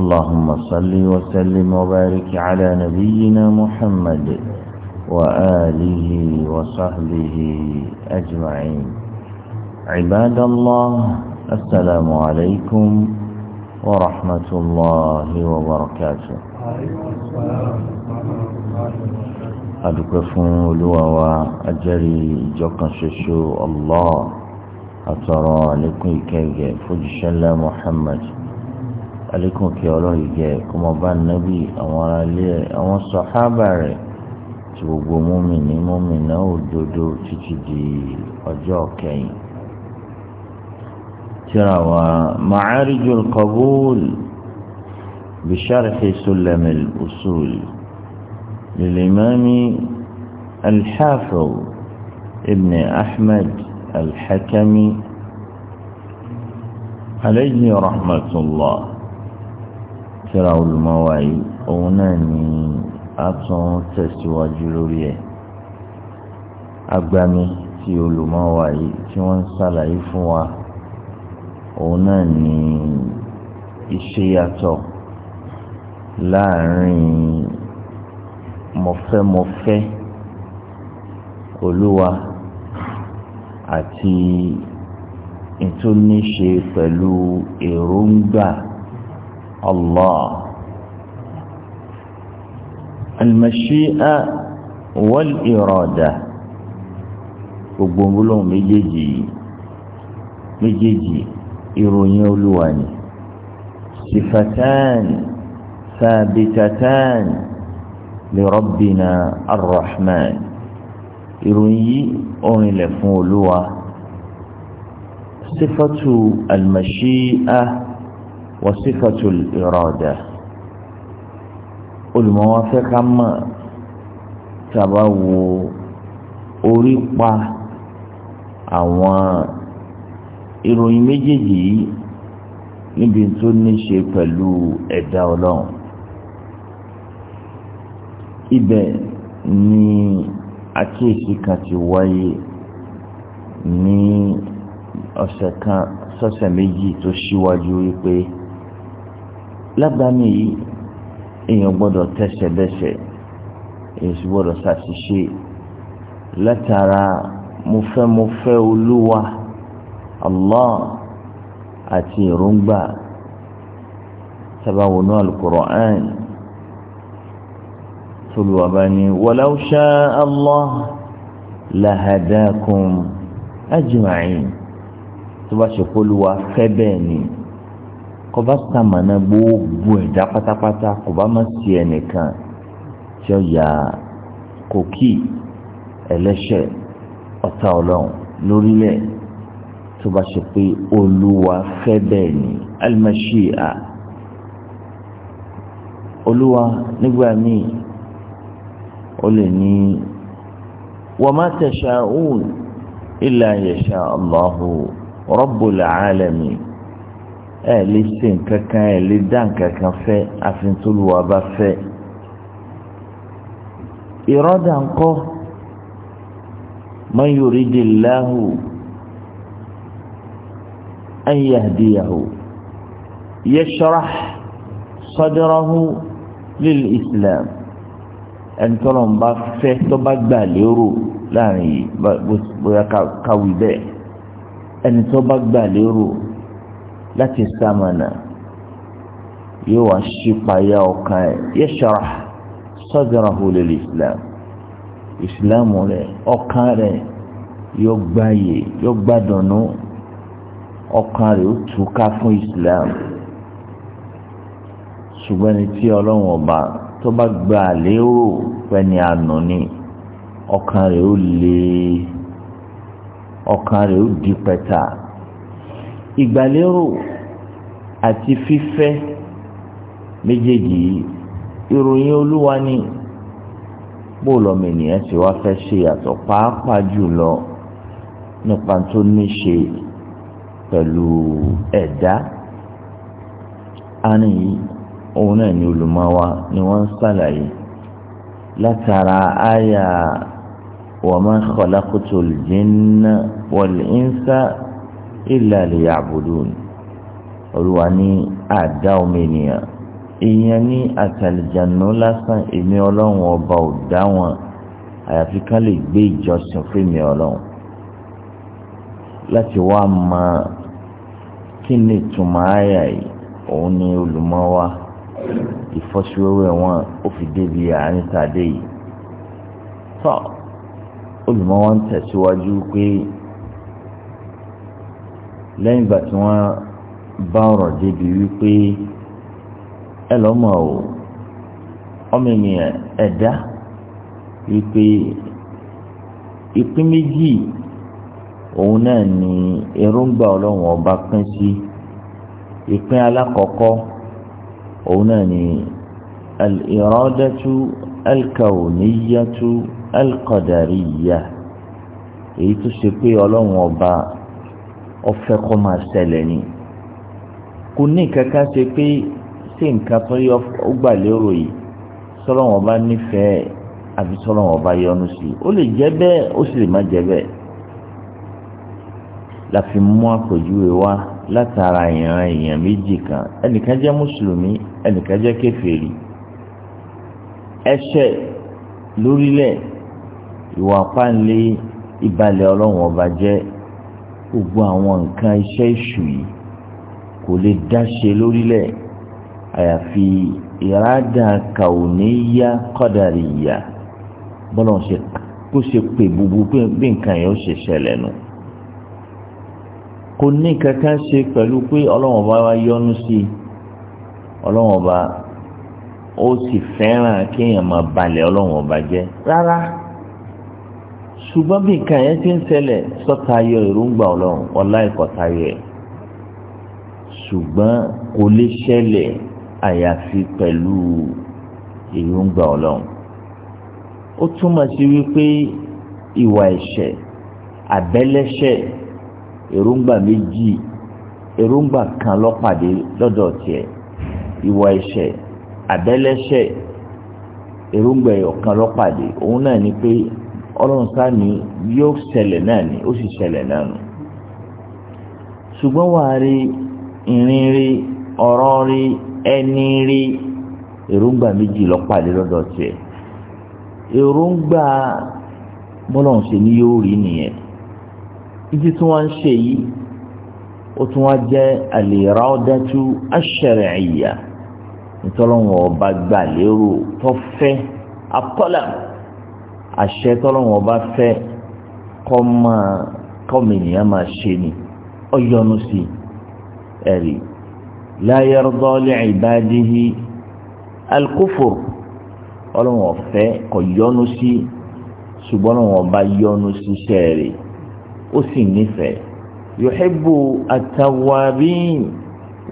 اللهم صل وسلم وبارك على نبينا محمد وآله وصحبه أجمعين عباد الله السلام عليكم ورحمة الله وبركاته adúpẹ́ fún olúwa جوكا ajẹ́rí ìjọkan ṣoṣo allah àtọ̀rọ̀ àlékún ìkẹ́gẹ́ alikun kí ọlọ́run jẹ́ kó bá nábì àwọn ale àwọn sọ̀hábà rẹ̀ tí gbogbo mùmínì mùmínà dodo títí di ọjọ́ kẹyìn. tira wa ترى ومعارج القبول بشرح سلم الأصول للإمام الحافظ ابن أحمد الحكمي عليه رحمة الله tíra olùmọ̀wá yìí òun náà ni a tún tẹ̀síwájú lórí ẹ̀ agbami tí olùmọ̀wá yìí tí wọ́n ń ṣàlàyé fún wa òun náà ni iṣẹ́ yàtọ̀ láàrin mọ̀fẹ́mọ̀fẹ́ olúwa àti ìtúníṣe pẹ̀lú èròǹgbà. E الله المشيئة والإرادة gbogbo gbólóhùn méjèèjì méjèèjì ìròyìn olúwa ni sifatan sabitatan li rabbina arrahman ìròyìn orin lẹ̀ fún olúwa sifatu almashi'a wọ́sífọ̀tù ìrọ̀dà olùmọ̀wọ́fẹ́ ká mọ̀ sábà wo orí pa àwọn ìròyìn méjèèjì yìí níbi tó ní ṣe pẹ̀lú ẹ̀dá ọlọ́run ibẹ̀ ni àkíyèsí kan ti wáyé ní ọ̀sẹ̀ kan sọ́sẹ̀ méjì tó ṣíwájú wípé. Si lágbàámi yìí èèyàn gbọ́dọ̀ tẹsẹ̀ bẹsẹ̀ èèyàn sì gbọ́dọ̀ ṣàṣìṣe látara mo fẹ́ mo fẹ́ olúwa allah àti èròǹgbà sábà wọnú alukur'an tolúwa bá ní walau shaa allah lahadakum ajma'in tó bá ṣe kó olúwa bẹ́ẹ̀ ni kọba sàmànà gbogbo ẹ̀dá pátápátá kọba má sí ẹnìkan tí ó yà kòkì ẹlẹ́ṣẹ̀ ọ̀tá ọlọ́run lórílẹ̀ tó bá ṣe pé olúwa fẹ́ bẹ́ẹ̀ ni alimashia olúwa nígbà míì ó lè ní wọ́n má tẹ̀sà òun illa yasha Allahu rabbul alamin ẹ lè ṣe nǹkan kan ẹ lè dá nǹkan kan fẹ́ àfintólùwà bá fẹ́ ìrọ́dà ńkọ́ man yuridillahu an yahdiyahu yashrah sadrahu lil islam ẹni tọ́lọ̀ ń bá fẹ́ tó bá gbà lérò láàrin yìí bóyá káwí bẹ́ẹ̀ ẹni tó bá gbà lérò láti sàmànà yóò wá ṣípayá ọkàn ẹ̀ yẹ́sọ̀rọ̀ sadrahu lil islam ìsìláàmù rẹ̀ ọkàn rẹ̀ yóò gbáyè yóò gbádùnú ọkàn rẹ̀ ó túká fún islam ṣùgbọ́n ní tí ọlọ́run ọba tó bá gba àlérò pẹ́ni àná ni ọkàn rẹ̀ ó le ọkàn rẹ̀ ó di pẹ́ta ìgbàlérò àti fífẹ́ méjèèjì yìí ìròyìn olúwa ni bó lọ́mọ ènìyàn ti wá fẹ́ ṣe yàtọ̀ pàápàá jùlọ nípa tó ní ṣe pẹ̀lú ẹ̀dá àárín yìí òun náà ni olùmọ̀wá ni wọ́n ń ṣàlàyé látara àyà wa ma khalaqtul jinna wal insa illa liya'budun olùwà ní àdá ọmọ ènìyàn èèyàn ní àtàlìjànú lásán èmi ọlọ́run ọba ò dá wọn àyàfi ká lè gbé ìjọsìn fún èmi ọlọ́run láti wá mọ kí ni ìtumọ̀ àyà yìí òun ni olùmọ̀ ìfọ́síwẹ́wẹ́ wọn ó fi débi àárín tàdé yìí tọ́ olùmọ̀ wọn tẹ̀síwájú pé lẹ́yìn ìgbà tí wọ́n bá ọ̀rọ̀ débi wípé ẹ lọ́mọ o ọmọ ènìyàn ẹ̀dá wípé ìpín méjì òun náà ni èròǹgbà ọlọ́run ọba pín sí ìpín alákọ̀ọ́kọ́ òun náà ni al-iradatu al-kawniyatu al èyí tó ṣe pé ọlọ́run ọba ọfẹ kọ máa ṣẹlẹ̀ ni kò ní kankan ṣe pé ṣé nǹkan tó yọ ó gbà lérò yìí sọlọ wọn bá nífẹ̀ẹ́ àbí sọlọ wọn bá yọ́nú sí i ó lè jẹ́ bẹ́ẹ̀ ó sì lè má jẹ́ bẹ́ẹ̀ la fi mú àpèjúwe wá látara ìran èèyàn méjì kan ẹnìkan jẹ́ mùsùlùmí ẹnìkan jẹ́ kèfèrí ẹ̀ṣẹ̀ lórílẹ̀ ìwà pàǹlẹ ìbalẹ̀ Ọlọ́run ọba jẹ́ gbogbo àwọn nǹkan iṣẹ́ ìṣù yìí kò lè dáṣe lórílẹ̀ àyàfi ìrádà kàwọ́níyà kọ́dàríyà bọ́lá ṣe kó ṣe pè gbogbo bí nǹkan yẹn ó ṣe ṣẹlẹ̀ nù. kò ní kankan ṣe pẹ̀lú pé ọlọ́run ọba wa yọ́nú sí i ọlọ́run ọba ó sì fẹ́ràn kéèyàn máa balẹ̀ ọlọ́run ọba jẹ́ rárá ṣùgbọ́n bí nǹkan yẹn ti ń ṣẹlẹ̀ sọ́ta ayọ̀ èròǹgbà ọlọ́run ọ̀la ìkọ̀ta ayọ̀ ṣùgbọ́n kò lè ṣẹlẹ̀ àyàfi pẹ̀lú èròǹgbà ọlọ́run ó túmọ̀ sí wípé ìwà ẹ̀ṣẹ̀ àbẹ́lẹ́ṣẹ̀ èròǹgbà méjì èròǹgbà kan lọ́pàdé lọ́dọ̀ tiẹ̀ ìwà ẹ̀ṣẹ̀ àbẹ́lẹ́ṣẹ̀ èròǹgbà ẹ̀yọ̀ kan lọ́pàdé òun náà ni pé ọlọ́run ká ní yóò ṣẹlẹ̀ náà ni ó sì ṣẹlẹ̀ náà nù ṣùgbọ́n wàá rí ìrìn rí ọ̀rọ̀ rí ẹni rí èròǹgbà méjì lọ́pàdé lọ́dọ̀ tiẹ̀ èròǹgbà bọ́lọ̀ ń ṣe ní yóò rí nìyẹn ibi tí wọ́n ń ṣe yìí ó tún wá jẹ́ al-iradatu ash-shar'iyya ìtọ́lọ́wọ̀n ọba gbà lérò tó fẹ́ àtọ́lẹ̀mù àṣẹ tọ́lọ́wọ́n bá fẹ́ kọ́ máa kọ́mìnìyàn máa ṣe ni ó yọnu sí ẹ̀rí la yarda li ibadihi al-kufur ọlọ́wọ́n ọ̀fẹ́ kò yọnu sí ṣùgbọ́n ọlọ́wọ́n bá yọnu sí sẹ́ẹ̀rì ó sì nífẹ̀ẹ́ yuhibbu at-tawwabin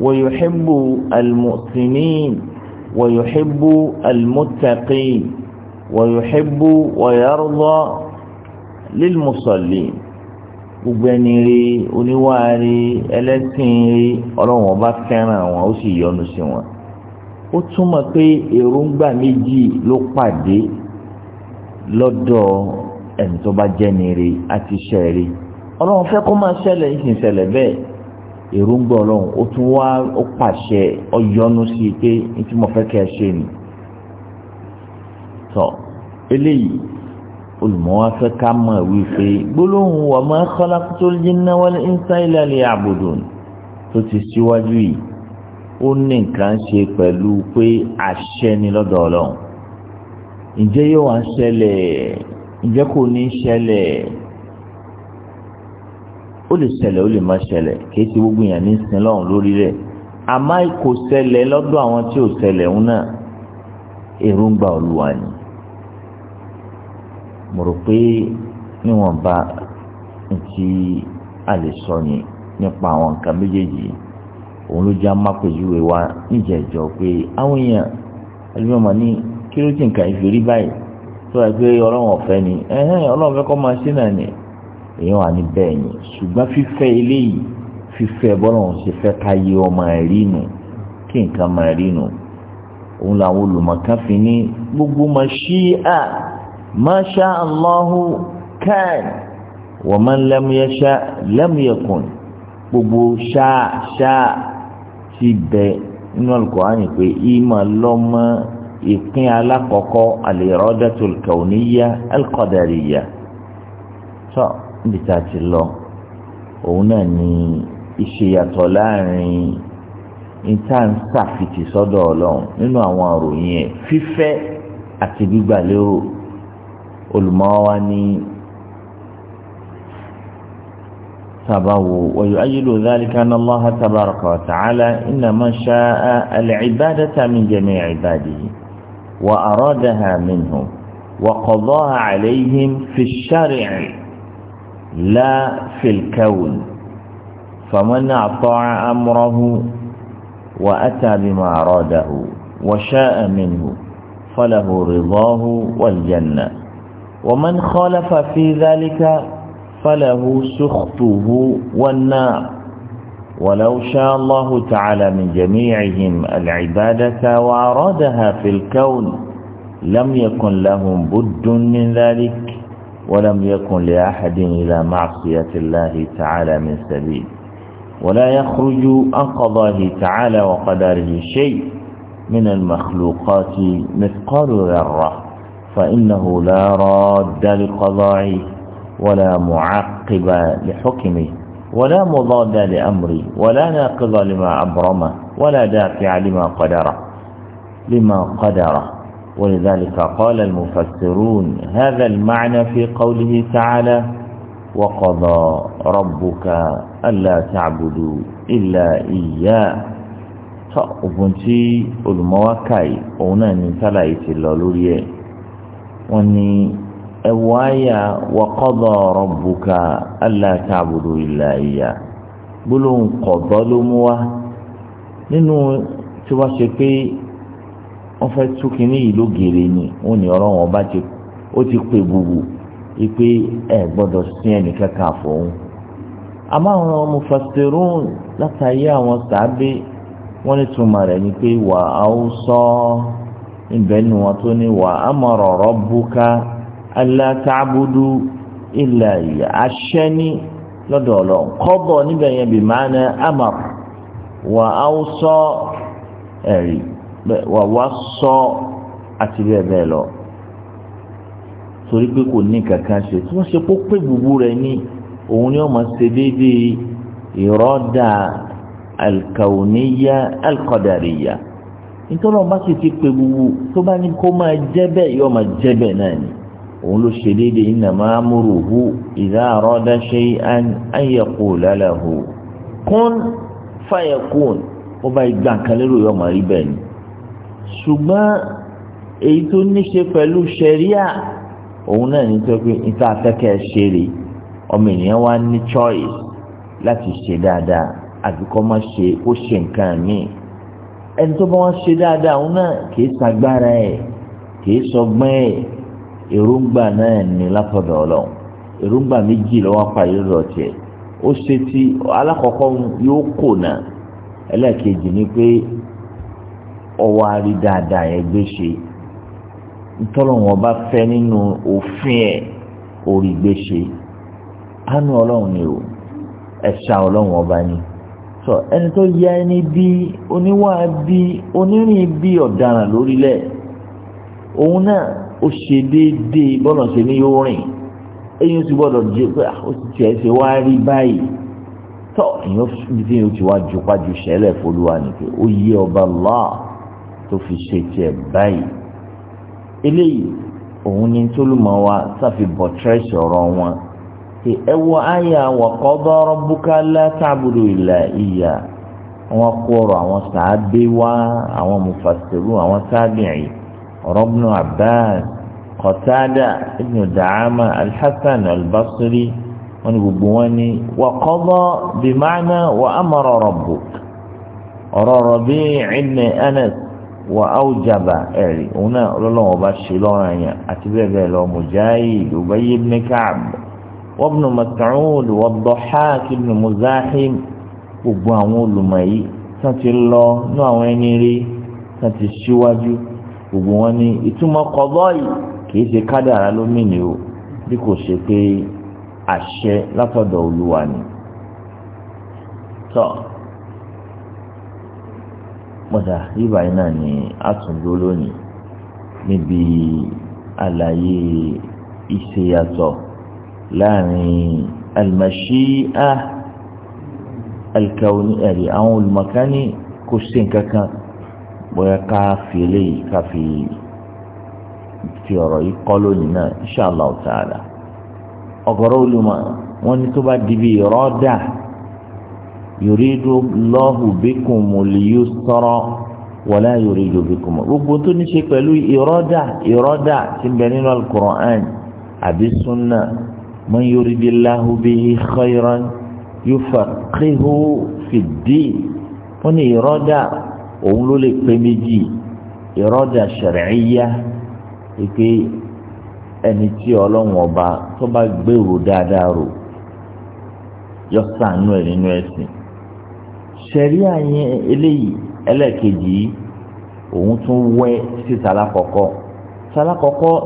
wa yuhibbu al-mu'tinin wa ويحب ويرضى للمصلين gbogbo ونواري rí oníwà rí ẹlẹ́sìn rí ọlọ́run ọba fẹ́ràn wọn ó sì yọ́nú sí wọn ó túmọ̀ pé èròǹgbà méjì ló pàdé lọ́dọ̀ ẹni tó bá jẹ́ni àti iṣẹ́ rí ọlọ́run kó máa ṣẹlẹ̀ ìsìn ṣẹlẹ̀ bẹ́ẹ̀ èròǹgbà ọlọ́run ó tún wá ó pàṣẹ ó sí i pé ní tí mo fẹ́ kẹ́ ẹ ṣe nìyí tọ eléyìí olùmọ̀wáfẹ́ ká mọ̀ wípé gbólóhùn wa ma khalaqtul jinna wal insa illa liya'budun tó ti síwájú yìí ó ní nǹkan ṣe pẹ̀lú pé àṣẹ ni lọ́dọ̀ ọlọ́run ǹjẹ́ yóò wá ṣẹlẹ̀ ǹjẹ́ kò ní ṣẹlẹ̀ ó lè ṣẹlẹ̀ ó lè má ṣẹlẹ̀ kì í ṣe gbogbo èèyàn ní sin lọ́run lórí rẹ̀ àmọ́ kò ṣẹlẹ̀ lọ́dọ̀ àwọn tí ò ṣẹlẹ̀ ń náà èròǹgbà olúwa ni mo rò pé níwọ̀nba ti a lè sọ yẹn nípa àwọn nǹkan méjèèjì òun ló wa níjẹ̀jọ́ pé àwọn èèyàn ẹlẹ́mọ̀mọ́ ní kí ló ti nǹkan ìfèrí báyìí tó wà pé ọlọ́run ọ̀fẹ́ ni ọlọ́run fẹ́ kọ́ máa ṣe náà ni èèyàn wà ní bẹ́ẹ̀ ni ṣùgbọ́n fífẹ́ eléyìí fífẹ́ bọ́lọ́run ṣe fẹ́ ká yé ọmọ rí nù kí nǹkan máa rí nù òun làwọn ní gbogbo ما شاء الله كان ومن لم يشاء لم يكن gbogbo ṣáà ṣáà ti bẹ nínú alukóhánì pé ìmọ̀ lọ́mọ ìpín alákọ̀ọ́kọ́ al-iradatul kawniyya al-qadariyya tó níbi tá a ti lọ òun náà ni ìṣèyàtọ̀ láàrin ìtànṣàfìtì sọ́dọ̀ ọlọ́run nínú àwọn àròyìn ẹ̀ fífẹ́ àti gbígbà lérò. olùmọ́ wa ní sábàwò wọ̀yọ̀ ayélu dhalika ní allah tabaraka wa ta'ala innama sha'a al-ibadata min jami'i ibadihi wa aradaha minhum wa qadaha alayhim fi ash-shari'i la fi al-kawn فمن أطاع أمره وأتى بما أراده وشاء منه فله رضاه والجنة ومن خالف في ذلك فله سخطه والنار ولو شاء الله تعالى من جميعهم العبادة وأرادها في الكون لم يكن لهم بد من ذلك ولم يكن لأحد إلى معصية الله تعالى من سبيل ولا يخرج عن قضاه تعالى وقدره شيء من المخلوقات مثقال ذره فإنه لا راد لقضائه ولا معقب لحكمه ولا مضاد لأمره ولا ناقض لما أبرمه ولا دافع لما قدره لما قدره ولذلك قال المفسرون هذا المعنى في قوله تعالى وقضى ربك ألا تعبدوا إلا إياه فأبنتي المواكاي أونا من ثلاثة اللولية wọ́n ní ẹ̀wọ́ àyà wa qada rabbuka alla ta'budu illa iya gbólóhùn kọ̀dọ̀ ló mú wá nínú tí wọ́n ṣe pé wọ́n fẹ́ tú kínní yìí gèrè ni wọ́n ní ọ̀rọ̀ wọn ti ó ti pè bubu ipe ẹ gbọ́dọ̀ sin ẹnìkan kan fòun àmọ́ àwọn mufassirun látàrí àwọn sàábé wọ́n ní túmọ̀ rẹ̀ ni pé wà á ó sọ ọ níbẹ̀ ni wọ́n tó ní wà á mọ̀rọ̀ rabbuka alla ta'budu illa ìyá aṣẹ́ ní lọ́dọ̀ ọlọ́run kọ́bọ̀ níbẹ̀ yẹn bí máa na amar wà á sọ ẹ̀rí wà wá sọ àti bẹ́ẹ̀ bẹ́ẹ̀ lọ torí pé kò ní kankan ṣe tí wọ́n ṣe kó pé gbogbo rẹ̀ ní òun ni wọ́n máa ṣe déédéé ìrọ́dà alkauniya alkọdàríyà. Al nítorí wọn bá sì ti pè gbogbo tó bá ní kó máa jẹ́ bẹ́ẹ̀ yóò máa jẹ́ bẹ́ẹ̀ náà ni òun ló ṣe déédéé innamā amruhu idhā arāda shay'an an yaqūla lahu kun fayakun ó bá gbà kan lérò yóò máa rí bẹ́ẹ̀ ni ṣùgbọ́n èyí tó ní ṣe pẹ̀lú ṣẹ̀ríà òun náà ní tó pé níta afẹ́kẹ́ ṣe rè ọmọ ènìyàn wá ní choice láti ṣe dáadáa àbíkọ́ má ṣe ó ṣe nǹkan míì ẹni tó bá wọn ṣe dáadáa òun náà kì í sagbára ẹ̀ kì í sọgbọ́n ẹ̀ èròǹgbà náà ní látọ̀dọ̀ ọlọ́run èròǹgbà méjì lọ́wọ́ apáyé rọ̀ ó ṣe ti alákọ̀ọ́kọ́ yóò kò náà ẹlẹ́ẹ̀kejì ni pé ọwọ́ àrí dáadáa yẹn gbé ṣe ntọ́lọ́wọ́n bá fẹ́ nínú òfin ẹ̀ orí gbé ṣe ni o ẹ̀ṣà ọlọ́run ọba ni. tọ ẹni tó ya ẹni bí oníwà bí onírìn bí ọ̀daràn lórílẹ̀ òun náà ó ṣe déédéé bọ́lọ̀ ṣe ní yóò rìn èyí ti gbọ́dọ̀ jẹ́ pé ah, ó ti tiẹ̀ ṣe wá rí báyìí tọ́ èyí ti fi ti wá ju pájú ṣẹlẹ̀ fọlúwa nìkan ó yé ọba Allah tó fi ṣe tiẹ̀ báyìí eléyìí òun ni tólùmọ̀ wa sáfi bọ̀ tẹ́rẹ̀sì ọ̀rọ̀ wọn pé ẹ wọ àyà wa qada rabbuka alla ta'budu illa iya wọn kó ọ̀rọ̀ àwọn sàábé wá àwọn mufassiru àwọn sábìrì ọ̀rọ̀ ibn Abbas Qatada ibn Da'ama al-Hasan al-Basri wọn ni gbogbo wọn ni wa qada bi ma'na wa amara rabbuk ọ̀rọ̀ Rabi' ibn Anas wa òun náà ọlọ́lọ́wọ́ bá ṣe lọ́rọ̀ yẹn àti bẹ́ẹ̀ bẹ́ẹ̀ lọ Mujahid Ubay ibn Ka'b. وابن مسعود والضحاك بن مزاحم gbogbo àwọn olùmọ̀ yìí tán ti lọ ní àwọn ẹni rí tán ti ṣíwájú gbogbo wọn ní ìtumọ̀ kọ́bọ́ yìí kìí ṣe kádàrá lómìnì o bí kò ṣe pé àṣẹ látọ̀dọ̀ olúwa ni. tọ́ mọ̀tà yíbáyìí náà ni a tún dúró lónìí níbi àlàyé ìṣèyàtọ̀ láàrin almashi'a alkauni ẹ̀rí àwọn olùmọ̀kání kò sí nǹkan kan bóyá ká fi eléyìí ká fi fi ọ̀rọ̀ yìí kọ́ lónìí náà insha Allah ta'ala ọ̀gọ̀rọ̀ olùmọ̀ wọn ní tó bá di bí rọ́dà yuridu Allahu bikumul yusra wala yuridu bikumul gbogbo tó ní ṣe pẹ̀lú ìrọ́dà ìrọ́dà tí ń bẹ nínú al-Qur'an àbí sunna man yuridillahu bihi khayran yufaqihu fid-din wọ́n ní ìrọ́dà òun ló lè pé méjì ìrọ́dà shar'iyya pé ẹni tí ọlọ́run ọba tó bá gbèrò dáadáa rò yọ sànú ẹ̀ nínú ẹ̀sìn sẹ̀ríà yẹn eléyìí ẹlẹ́ẹ̀kejì òun tún wẹ́ sí sàlákọ́kọ́ sàlákọ́kọ́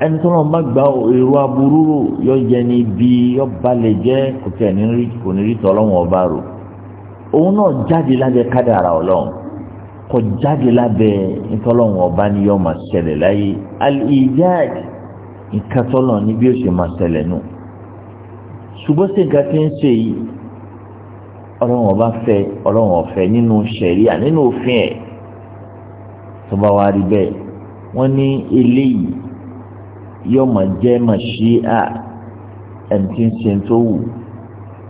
ẹni tó náà má gba èrò aburú rò yọ jẹ ní ibi yọ balẹ̀ jẹ́ kò tẹ̀ ní rí kò ní rí tọ́ ọlọ́run ọba rò òun náà jáde lábẹ́ kádàrà ọlọ́run kò jáde lábẹ́ ntọ́lọ́run ọba ni yọ máa ṣẹlẹ̀ láyé al-ijad nǹkan tọ́lọ̀ ní bí ó ṣe máa ṣẹlẹ̀ nù ṣùgbọ́n sí nǹkan tí ń ṣe yìí ọlọ́run ọba fẹ́ ọlọ́run ọ̀fẹ́ nínú ṣẹ̀ríà nínú òfin ẹ̀ tó bá wá rí bẹ́ẹ̀ wọ́n ní eléyìí yóò máa jẹ́ màṣíà ẹni tí ń ṣe tó wù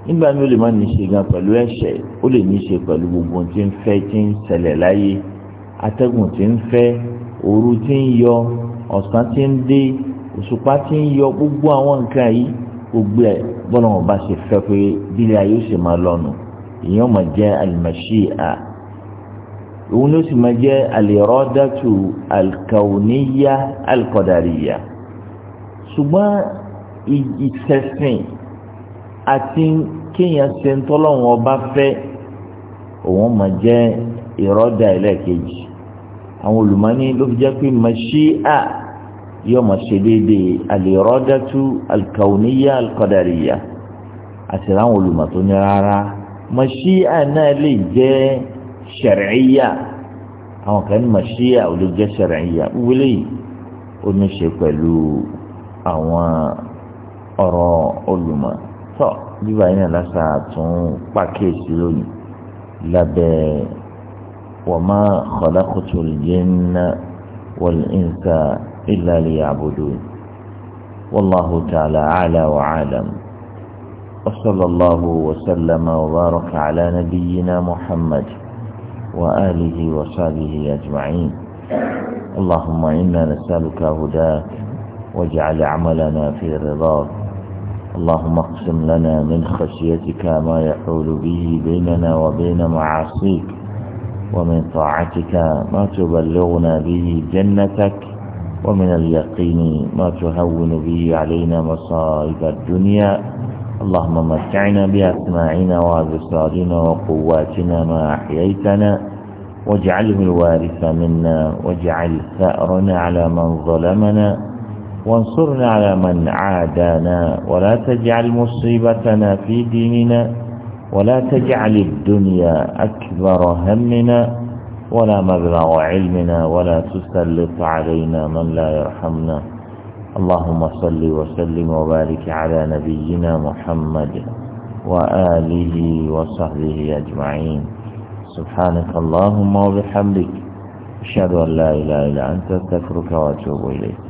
nígbà mi ò lè má ní í ṣe gan pẹ̀lú ẹ̀ṣẹ̀ ó lè ní í ṣe pẹ̀lú gbogbo ohun tí ń fẹ́ tí ń ṣẹlẹ̀ láyé atẹ́gùn tí ń fẹ́ òru tí ń yọ ọ̀sán tí ń dé òṣùpá tí ń yọ gbogbo àwọn nǹkan yìí gbogbo ẹ̀ bọ́lá wọn bá ṣe fẹ́ pé bílẹ̀ ayé ó sì máa lọ́nu ìyẹn máa jẹ́ al-mashī'a òun ló sì máa jẹ́ al-irādatu al-kawniyya al-qadariyya. Al ṣùgbọ́n ìtẹ̀sìn àti kéèyàn ṣe ń tọ́lọ́wọ́n ọba fẹ́ òun mà jẹ́ ìrọ́dà ẹlẹ́ẹ̀kejì àwọn olùmọ́ni ló fi jẹ́ pé màṣíà yóò máa ṣe déédéé àlèrọ́dàtú alkauniya alkọdàríya àti láwọn olùmọ̀ tó ní rárá màṣíà náà lè jẹ́ ṣẹ̀rẹ̀yà àwọn kan ní màṣíà ò lè jẹ́ ṣẹ̀rẹ̀yà wíwílẹ̀ ó ní ṣe pẹ̀lú àwọn ọ̀rọ̀ olùmọ̀ tó bíbá yìí náà lásà tún pàkíyèsí lónìí lábẹ́ wa ma khalaqtul jinna wal insa illa liya'budun wallahu ta'ala a'la wa a'lam وصلى الله وسلم وبارك على نبينا محمد وآله وصحبه أجمعين اللهم إنا نسألك هداك واجعل عملنا في رضاك اللهم اقسم لنا من خشيتك ما يحول به بيننا وبين معاصيك ومن طاعتك ما تبلغنا به جنتك ومن اليقين ما تهون به علينا مصائب الدنيا اللهم متعنا بأسماعنا وأبصارنا وقواتنا ما أحييتنا واجعله الوارث منا واجعل ثأرنا على من ظلمنا وانصرنا على من عادانا ولا تجعل مصيبتنا في ديننا ولا تجعل الدنيا أكبر همنا ولا مبلغ علمنا ولا تسلط علينا من لا يرحمنا اللهم صل وسلم وبارك على نبينا محمد وآله وصحبه أجمعين سبحانك اللهم وبحمدك أشهد أن لا إله إلا أنت أستغفرك وأتوب إليك